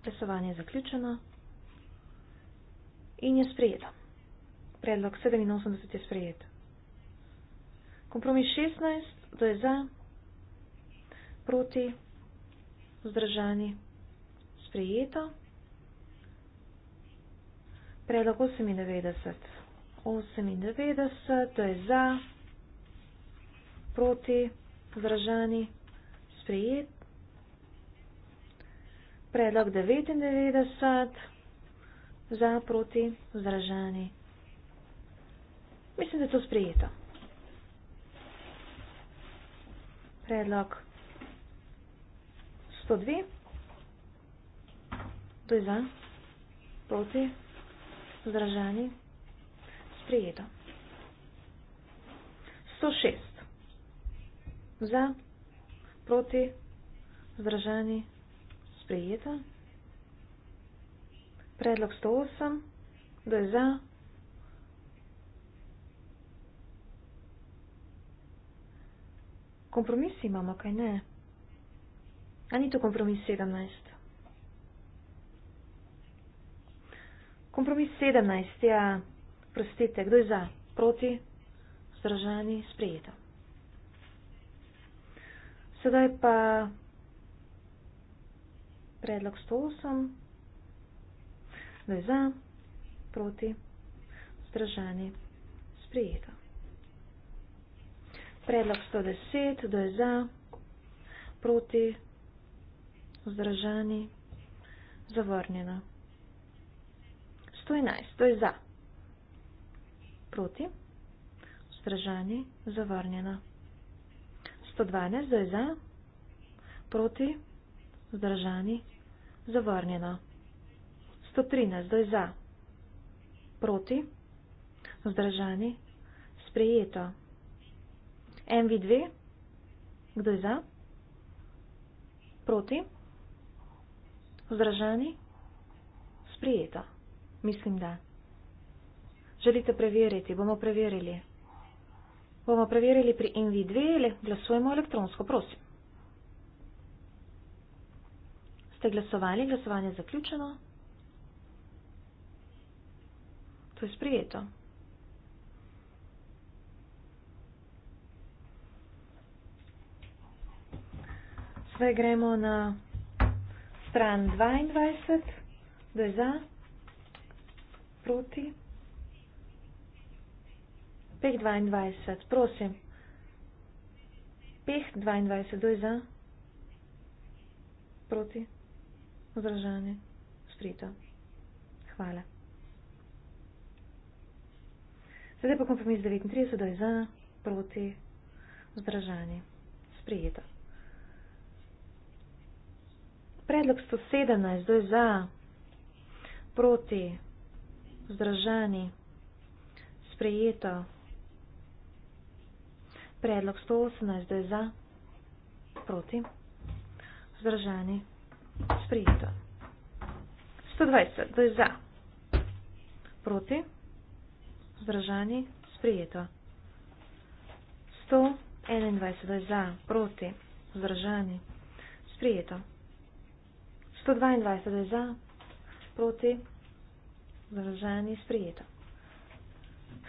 [SPEAKER 4] Glasovanje je zaključeno in je sprejeto. Predlog 87 je sprejet. Kompromis 16, to je za, proti, vzdržani, sprejeto. Predlog 98. 98, to je za, proti, vzdržani, sprejet. Predlog 99 za proti vzražanje. Mislim, da je to sprejeto. Predlog 102. To je za proti vzražanje. Sprejeto. 106. Za proti vzražanje sprejeta. Predlog 108, kdo je za? Kompromis imamo, kaj ne? A ni to kompromis 17? Kompromis 17, ja, prostite, kdo je za? Proti, zdržani, sprejeta. Sedaj pa predlog 108, da je za, proti, zdržani, sprijeta. Predlog 110, da je za, proti, zdržani, zavrnjena. 111, da je za, proti, zdržani, zavrnjena. 112, da je za, proti, zdržani, Zavrnjeno. 113. Zdaj za. Proti. Zdržani. Sprejeto. MV2. Kdo je za? Proti. Zdržani. Sprijeta. Mislim, da. Želite preveriti? Bomo preverili. Bomo preverili pri NV2. Glasujemo elektronsko, prosim. Ste glasovali? Glasovanje je zaključeno. To je sprijeto. Zdaj gremo na stran 22, da je za, proti. Peh 22, prosim. Peh 22, da je za, proti vzražanje, sprito. Hvala. Zdaj pa kompromis 39, da je za, proti, vzražanje, sprijeto. Predlog 117, da je za, proti, vzražanje, sprijeto. Predlog 118, da je za, proti, vzražanje, sprijeto прието. 120. Да за. Проти. Вдържани. Сприето. 121. Да за. Проти. Вдържани. Сприето. 122. Да за. Проти. Вдържани. Сприето.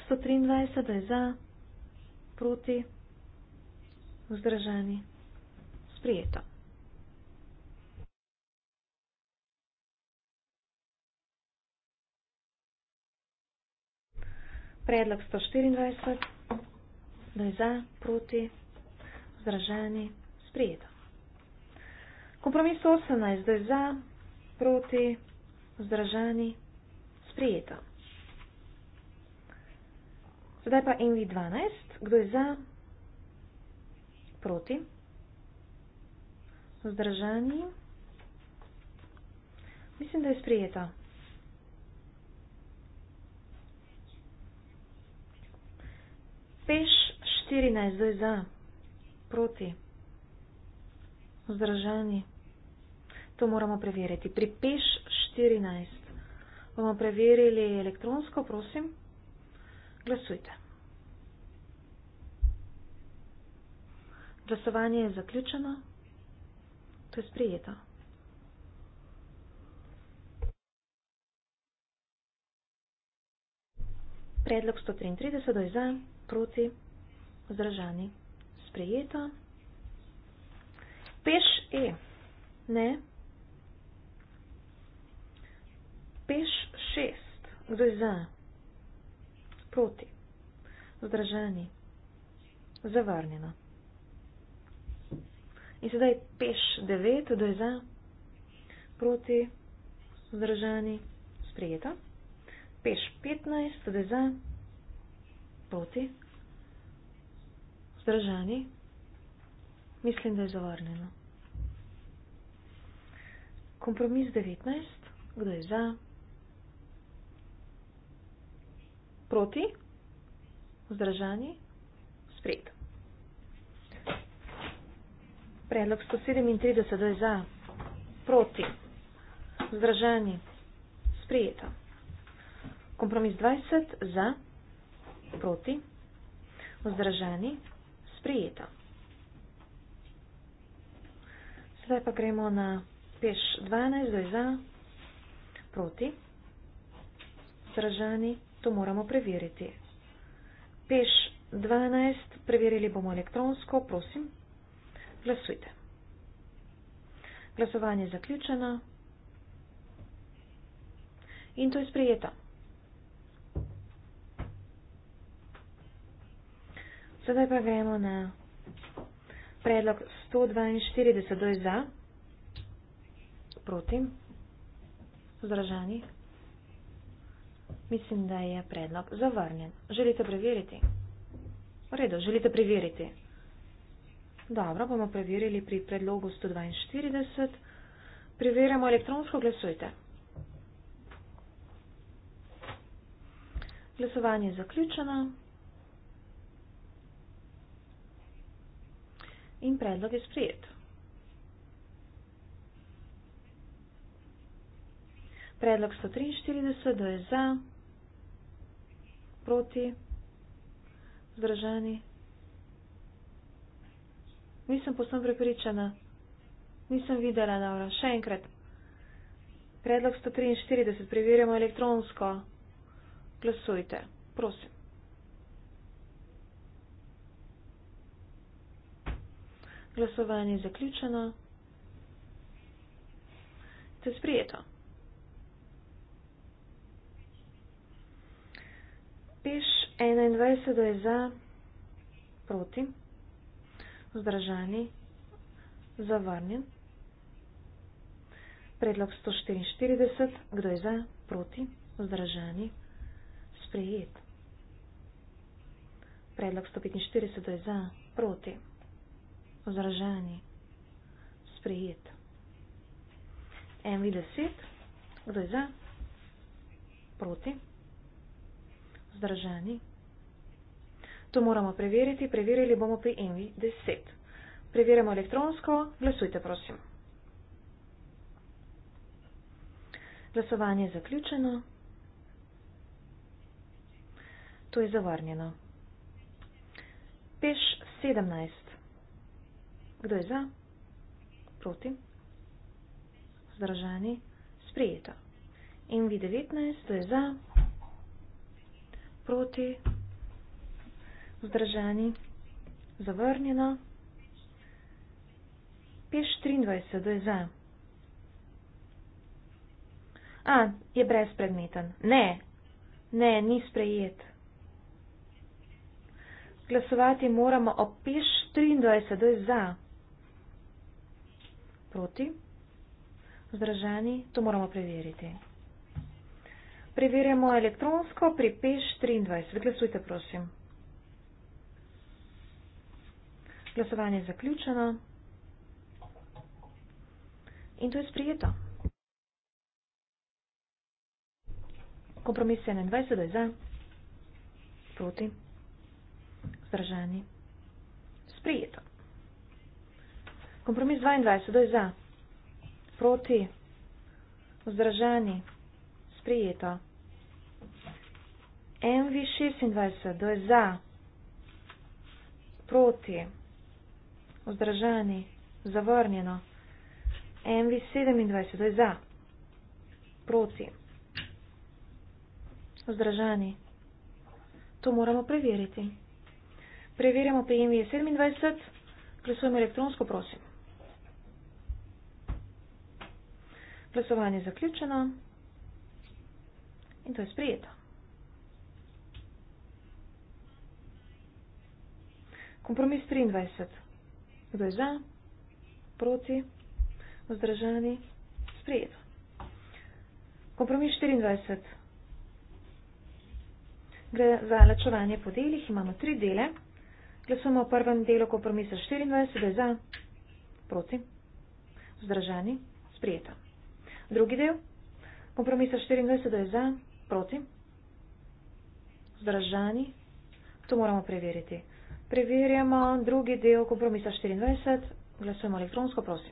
[SPEAKER 4] 123. Да за. Проти. Вдържани. Сприето. 124. Predlog 124. Da je za, proti, zdražani, sprijeto. Kompromis 18. Da je za, proti, zdražani, sprijeto. Sedaj pa envi 12. Kdo je za, proti, zdražani, mislim, da je sprijeto. Peš 14, zdaj za, proti, vzdržani. To moramo preveriti. Pri Peš 14 bomo preverili elektronsko, prosim. Glasujte. Glasovanje je zaključeno. To je sprijeto. Predlog 133 do izajem nasproti, zdržani, sprejeto. Peš E, ne. Peš 6, kdo je za, proti, zdržani, zavrnjeno. In sedaj peš 9, kdo je za, proti, zdržani, sprejeto. Peš 15, kdo je za, proti, zdržani. Zdržani. Mislim, da je zavrnjeno. Kompromis 19. Kdo je za? Proti. Zdržani. Spred. Predlog 137. Kdo je za? Proti. Zdržani. Sprijeta. Kompromis 20. Za. Proti. Vzdržani sprejeta. Zdaj pa gremo na peš 12, zdaj za, proti, zražani, to moramo preveriti. Peš 12, preverili bomo elektronsko, prosim, glasujte. Glasovanje je zaključeno in to je sprejeto. Sedaj pa gremo na predlog 142, kdo je za, proti, zdržani. Mislim, da je predlog zavrnjen. Želite preveriti? V redu, želite preveriti. Dobro, bomo preverili pri predlogu 142. Preverjamo elektronsko, glasujte. Glasovanje je zaključeno. in predlog je sprejet. Predlog 143, da je za, proti, zdržani. Nisem posem prepričana, nisem videla, Laura. Še enkrat. Predlog 143, preverjamo elektronsko. Glasujte, prosim. Glasovanje je zaključeno. To je sprijeto. Piš 21, da je za, proti, vzdržani, zavrnjen. Predlog 144, kdo je za, proti, vzdržani, sprejet. Predlog 145, kdo je za, proti. Vzražanje. Sprejet. En vi deset. Kdo je za? Proti. Vzražanje. To moramo preveriti. Preverili bomo pri envi deset. Preverjamo elektronsko. Glasujte, prosim. Glasovanje je zaključeno. To je zavarnjeno. Peš 17. Kdo je za? Proti? Zdržani? Sprijeta. In vi 19, kdo je za? Proti? Zdržani? Zavrnjena? Peš 23, kdo je za? A, je brezpredmeten. Ne, ne, ni sprejet. Glasovati moramo o peš 23, kdo je za? proti, vzdržani, to moramo preveriti. Preverjamo elektronsko pri peš 23. Glasujte, prosim. Glasovanje je zaključeno. In to je sprijeto. Kompromis 21 je za, proti, vzdržani, sprijeto. Kompromis 22, kdo je za? Proti? Vzdržani? Sprijeto. MV26, kdo je za? Proti? Vzdržani? Zavrnjeno. MV27, kdo je za? Proti? Vzdržani? To moramo preveriti. Preverjamo pri MV27. Glasujemo elektronsko, prosim. Glasovanje je zaključeno in to je sprijeto. Kompromis 23. Kdo je za? Proti? Vzdržani? Sprijeto. Kompromis 24. Gre za lačevanje po delih. Imamo tri dele. Glasujemo o prvem delu kompromisa 24. Kdo je za? Proti? Vzdržani? Sprijeto. Други дел? Компромиса 14 да е за, против, здражани. То морамо проверити. Проверяма други дел компромиса 14. Гласуваме електронско, просим.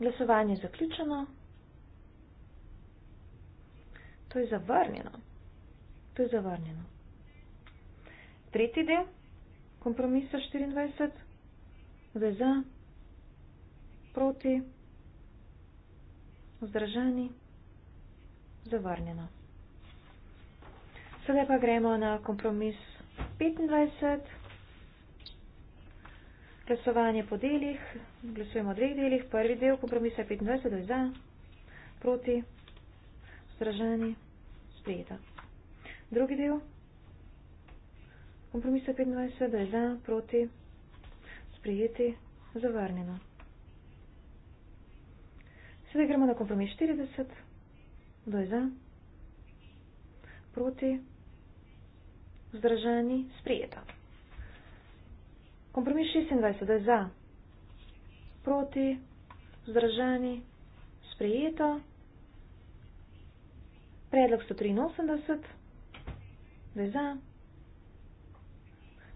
[SPEAKER 4] Гласуване е заключено. То е завърнено. То е завърнено. Трети дел компромиса 14. Да е за, proti, vzdržani, zavrnjeno. Sedaj pa gremo na kompromis 25. Glasovanje po delih, glasujemo o dveh delih, prvi del kompromisa je 25, da je za, proti, vzdržani, sprejeta. Drugi del kompromisa je 25, da je za, proti, sprejeti, zavrnjeno. Sedaj gremo na kompromis 40. Kdo je za? Proti? Zdržani? Sprijeta. Kompromis 26. Kdo je za? Proti? Zdržani? Sprijeta. Predlog 183. Kdo je za?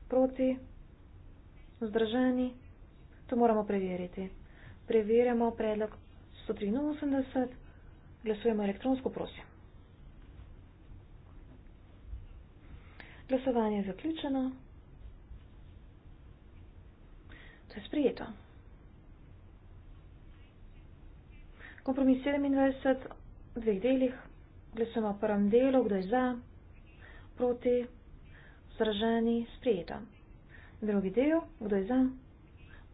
[SPEAKER 4] Proti? Zdržani? To moramo preveriti. Preverjamo predlog 183. 103.80. Glasujemo elektronsko, prosim. Glasovanje je zaključeno. To je sprijeto. Kompromis 27 v dveh delih. Glasujemo v prvem delu, kdo je za, proti, zraženi, sprijeto. Drugi del, kdo je za,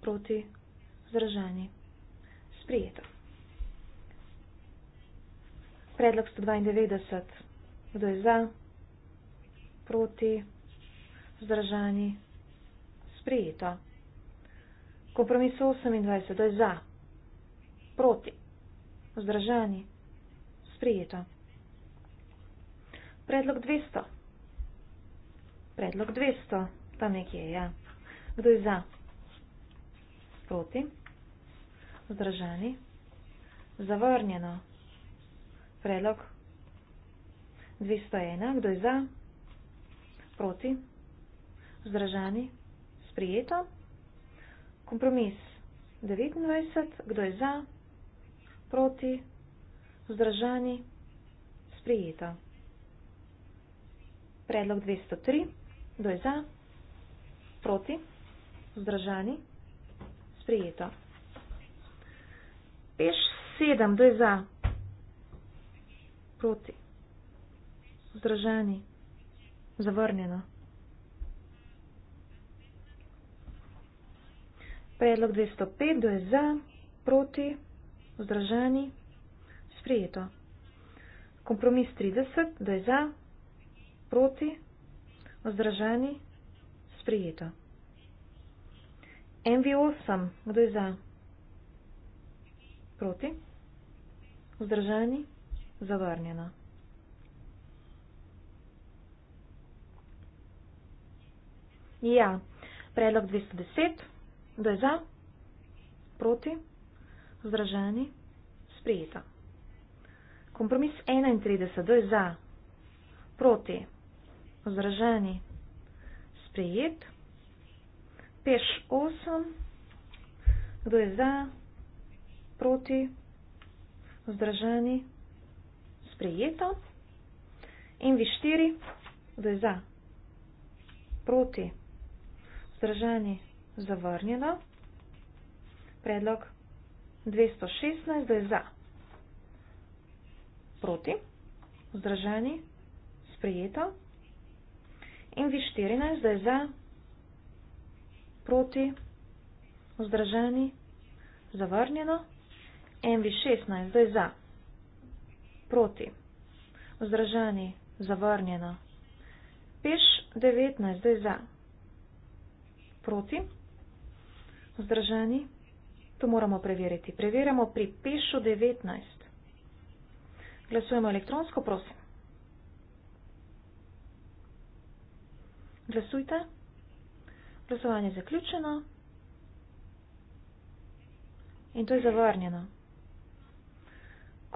[SPEAKER 4] proti, zraženi, sprijeto. Predlog 192. Kdo je za? Proti? Zdržani? Sprijeto. Kompromis 28. Kdo je za? Proti? Zdržani? Sprijeto. Predlog 200. Predlog 200. Tam nekje, ja. Kdo je za? Proti? Zdržani? Zavrnjeno? Zdržani? predlog 201. Kdo je za? Proti? Zdražani? Sprijeto? Kompromis 29. Kdo je za? Proti? Zdražani? Sprijeto? Predlog 203. Kdo je za? Proti? Zdražani? Sprijeto? Peš 7. Kdo je za? Proti? proti. Zdraženi. Zavrnjeno. Predlog 205, do je za, proti, vzdraženi, sprijeto. Kompromis 30, do je za, proti, vzdraženi, sprijeto. MV8, kdo je za, proti, vzdraženi, sprijeto zavrnjena. Ja, predlog 210, da je za, proti, zdraženi, sprejeta. Kompromis 31, da je za, proti, zdraženi, sprejet. Peš 8, da je za, proti, zdraženi, sprejeta sprejeto in vi štiri, da je za, proti, zdržani, zavrnjeno, predlog 216, da je za, proti, zdržani, sprejeto in vi 14, da je za, proti, vzdržani, zavrnjeno, NV16, da je za, proti. Vzdraženi, zavrnjeno. Peš 19, zdaj za. Proti. Vzdraženi. To moramo preveriti. Preverjamo pri pešu 19. Glasujemo elektronsko, prosim. Glasujte. Glasovanje je zaključeno. In to je zavrnjeno.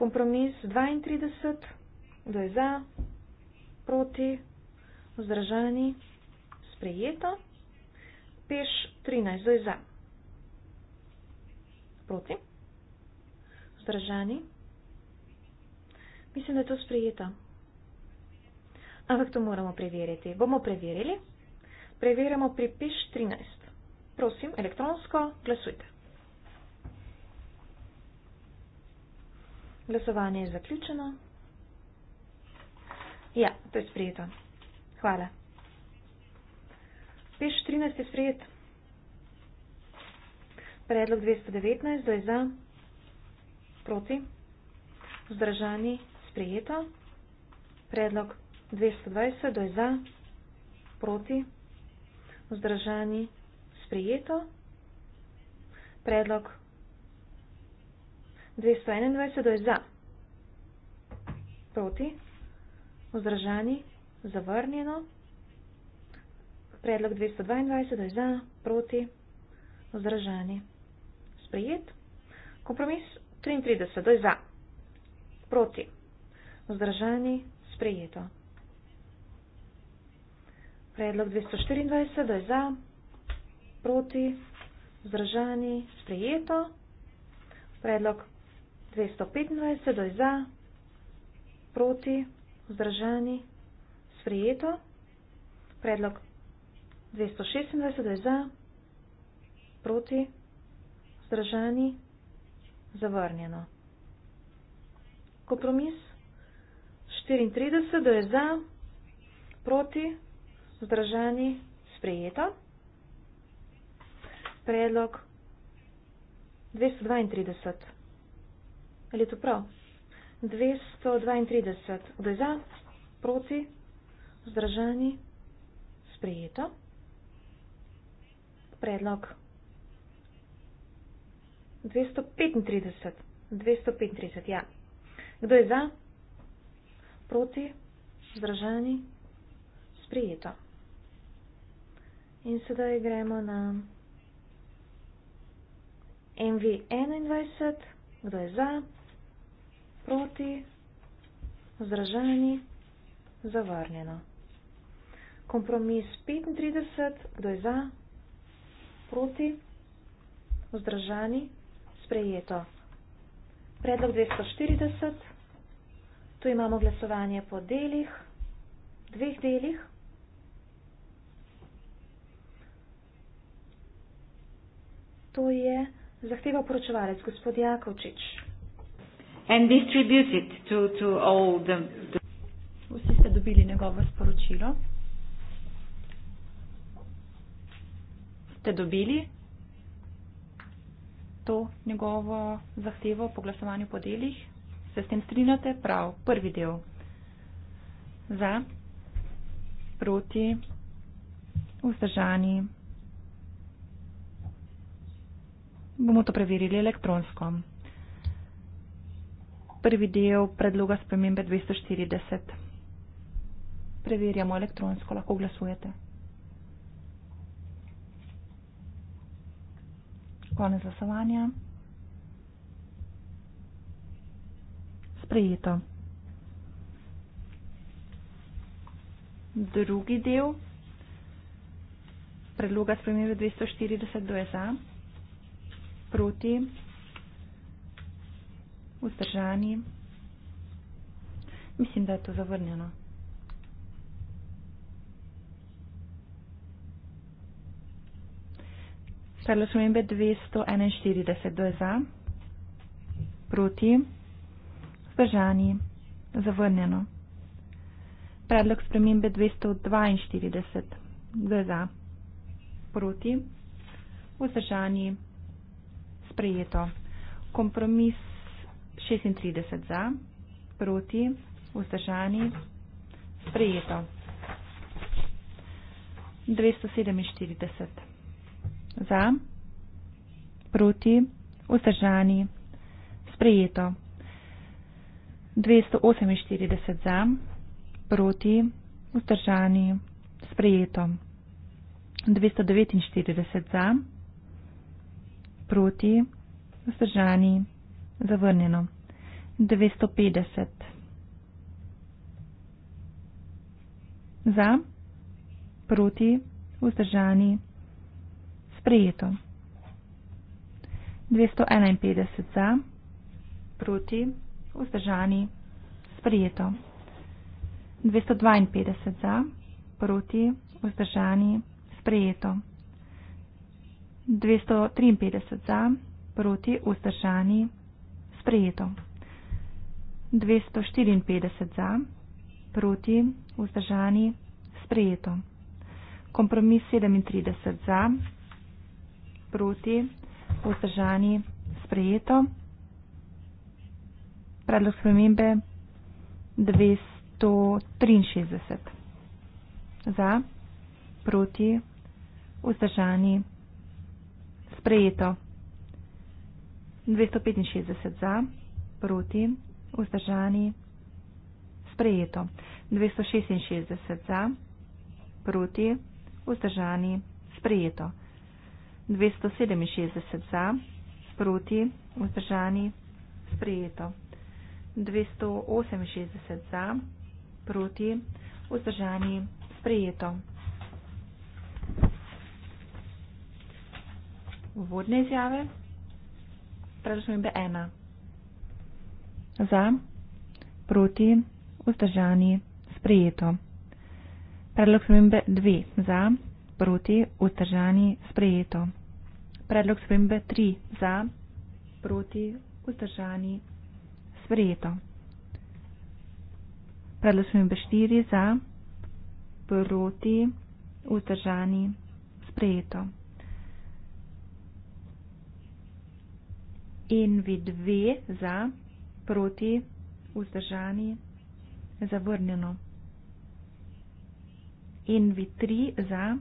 [SPEAKER 4] Компромис 32. Кдо е за? Проти? Вздържани? Сприето? Пеш 13. Кдо е за? Проти? Вздържани? Мислим да е то сприето. А вък то морамо преверити. Бомо преверили? Преверимо при пеш 13. Просим електронско гласуйте. Glasovanje je zaključeno. Ja, to je sprejeto. Hvala. Peš 13 je sprejet. Predlog 219, da je za, proti, vzdržani, sprejeto. Predlog 220, da je za, proti, vzdržani, sprejeto. Predlog 221. 221 кдо е за. Проти. Оздражани. Завърнено. Предлог 222 кдо е за. Проти. Оздражани. Сприет. Компромис 330 кдо е за. Проти. Оздражани. Сприето. Предлог 224 кдо е за. Проти. Оздражани. Сприето. Предлог 215 je za, proti, vzdržani, sprijeto. Predlog 226 je za, proti, vzdržani, zavrnjeno. Kompromis 34 je za, proti, vzdržani, sprijeto. Predlog 232 je za, proti, vzdržani, sprijeto. Ali je to prav? 232 za, proti, zdržani, sprejeto. Predlog 235. 235, ja. Kdo je za? Proti, zdržani, sprijeto. In sedaj gremo na MV 21. Kdo je za? proti, vzdržani, zavrnjeno. Kompromis 35, kdo je za, proti, vzdržani, sprejeto. Predlog 240, tu imamo glasovanje po delih, dveh delih. To je zahteva poročevalec gospod Jakovčič
[SPEAKER 1] and distribute it to, to all the, the Vsi ste dobili
[SPEAKER 4] njegovo sporočilo. Ste dobili to njegovo zahtevo po glasovanju po delih? Se s tem strinjate? Prav. Prvi del. Za. Proti. Vzdržani. Bomo to preverili elektronsko prvi del predloga spremembe 240. Preverjamo elektronsko, lahko glasujete. Konec glasovanja. Sprejeto. Drugi del predloga spremembe 240 do je za, proti uzdržani. Mislim, da je to zavrnjeno. Predlog smo imeli 241, kdo je za, proti, vzdržani, zavrnjeno. Predlog spremembe 242, kdo je za, proti, vzdržani, sprejeto. Kompromis 36 za, proti, vzdržani, sprejeto. 247 za, proti, vzdržani, sprejeto. 248 za, proti, vzdržani, sprejeto. 249 za, proti, vzdržani, sprejeto zavrnjeno. 950. Za, proti, vzdržani, sprejeto. 251 za, proti, vzdržani, sprejeto. 252 za, proti, vzdržani, sprejeto. 253 za, proti, vzdržani, sprejeto sprejeto. 254 za, proti, vzdržani, sprejeto. Kompromis 37 za, proti, vzdržani, sprejeto. Predlog spremembe 263 za, proti, vzdržani, sprejeto. 265 za, proti, vzdržani, sprejeto. 266 za, proti, vzdržani, sprejeto. 267 za, proti, vzdržani, sprejeto. 268 za, proti, vzdržani, sprejeto. Uvodne izjave. Pražnjembe ena. Za, proti, vzdržani, sprejeto. Predlog spremembe 2. Za, proti, vzdržani, sprejeto. Predlog spremembe 3. Za, proti, vzdržani, sprejeto. Predlog spremembe 4. Za, proti, vzdržani, sprejeto. in vi dve za, proti, vzdržani, zavrnjeno. In vi tri za,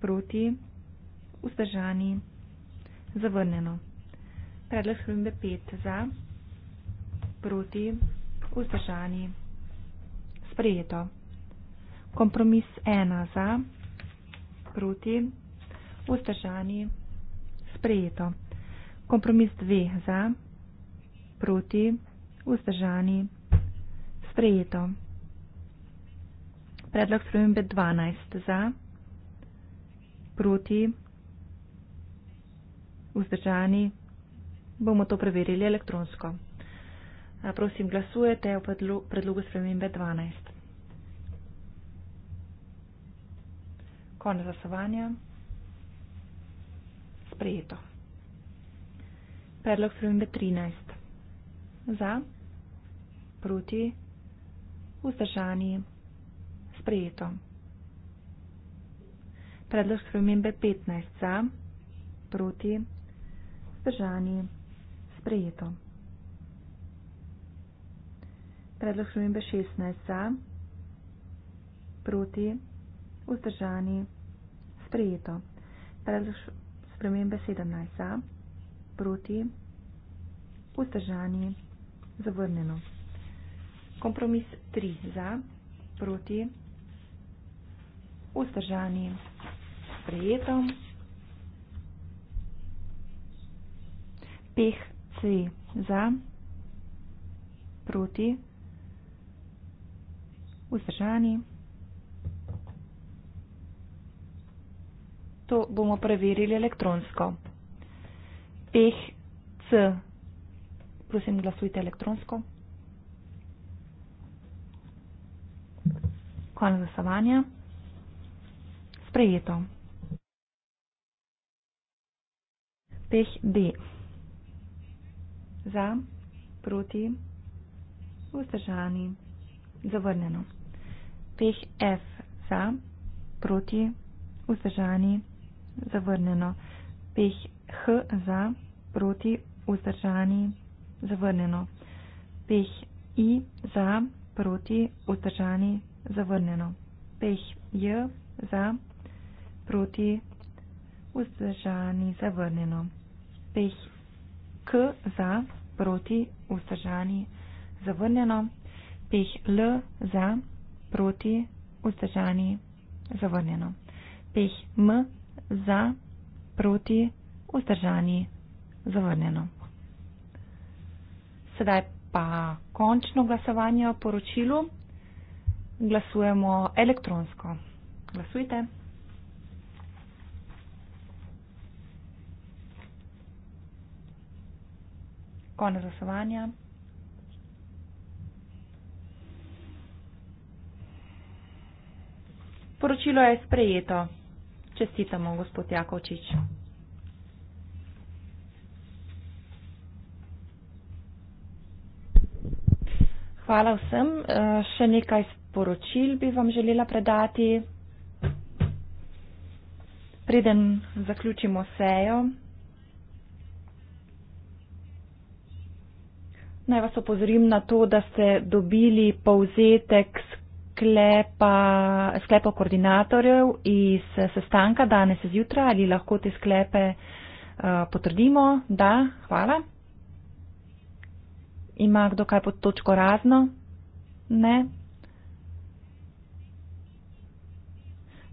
[SPEAKER 4] proti, vzdržani, zavrnjeno. Predlog spremembe pet za, proti, vzdržani, sprejeto. Kompromis ena za, proti, vzdržani, sprejeto kompromis 2 za, proti, vzdržani, sprejeto. Predlog spremembe 12 za, proti, vzdržani, bomo to preverili elektronsko. Prosim, glasujete o predlogu spremembe 12. Konec glasovanja. Sprejeto. Predlog spremembe 13. Za, proti, vzdržani, sprejeto. Predlog spremembe 15. Za, proti, vzdržani, sprejeto. Predlog spremembe 16. Za, proti, vzdržani, sprejeto. Predlog spremembe 17. Za, proti, vzdržani, sprejeto proti, vzdržanje, zavrnjeno. Kompromis 3 za, proti, vzdržanje, sprejeto. Peh C za, proti, vzdržanje. To bomo preverili elektronsko uspeh C. Prosim, glasujte elektronsko. Konec glasovanja. Sprejeto. Peh D. Za, proti, vzdržani, zavrnjeno. Peh F. Za, proti, vzdržani, zavrnjeno. Peh H. Za, proti, vzdržani, zavrnjeno proti, vzdržani, zavrnjeno. Peh I za, proti, vzdržani, zavrnjeno. Peh J za, proti, vzdržani, zavrnjeno. Peh K za, proti, vzdržani, zavrnjeno. Peh L za, proti, vzdržani, zavrnjeno. Peh M za, proti, vzdržani, zavrnjeno zavrnjeno. Sedaj pa končno glasovanje o poročilu. Glasujemo elektronsko. Glasujte. Konec glasovanja. Poročilo je sprejeto. Čestitamo, gospod Jakovčič. Hvala vsem. Eh, še nekaj sporočil bi vam želela predati. Preden zaključimo sejo, naj vas opozorim na to, da ste dobili povzetek sklepa, sklepa koordinatorjev iz eh, sestanka danes zjutraj. Ali lahko te sklepe eh, potrdimo? Da, hvala. Ima kdo kaj pod točko razno? Ne.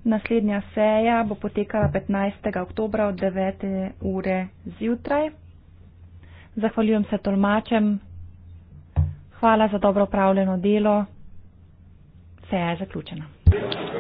[SPEAKER 4] Naslednja seja bo potekala 15. oktober od 9. ure zjutraj. Zahvaljujem se tolmačem. Hvala za dobro upravljeno delo. Seja je zaključena.
[SPEAKER 3] Yeah.